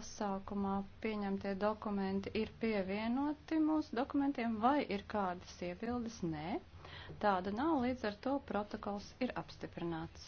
pasākumā pieņemtie dokumenti ir pievienoti mūsu dokumentiem vai ir kādas iebildes? Nē, tāda nav, līdz ar to protokols ir apstiprināts.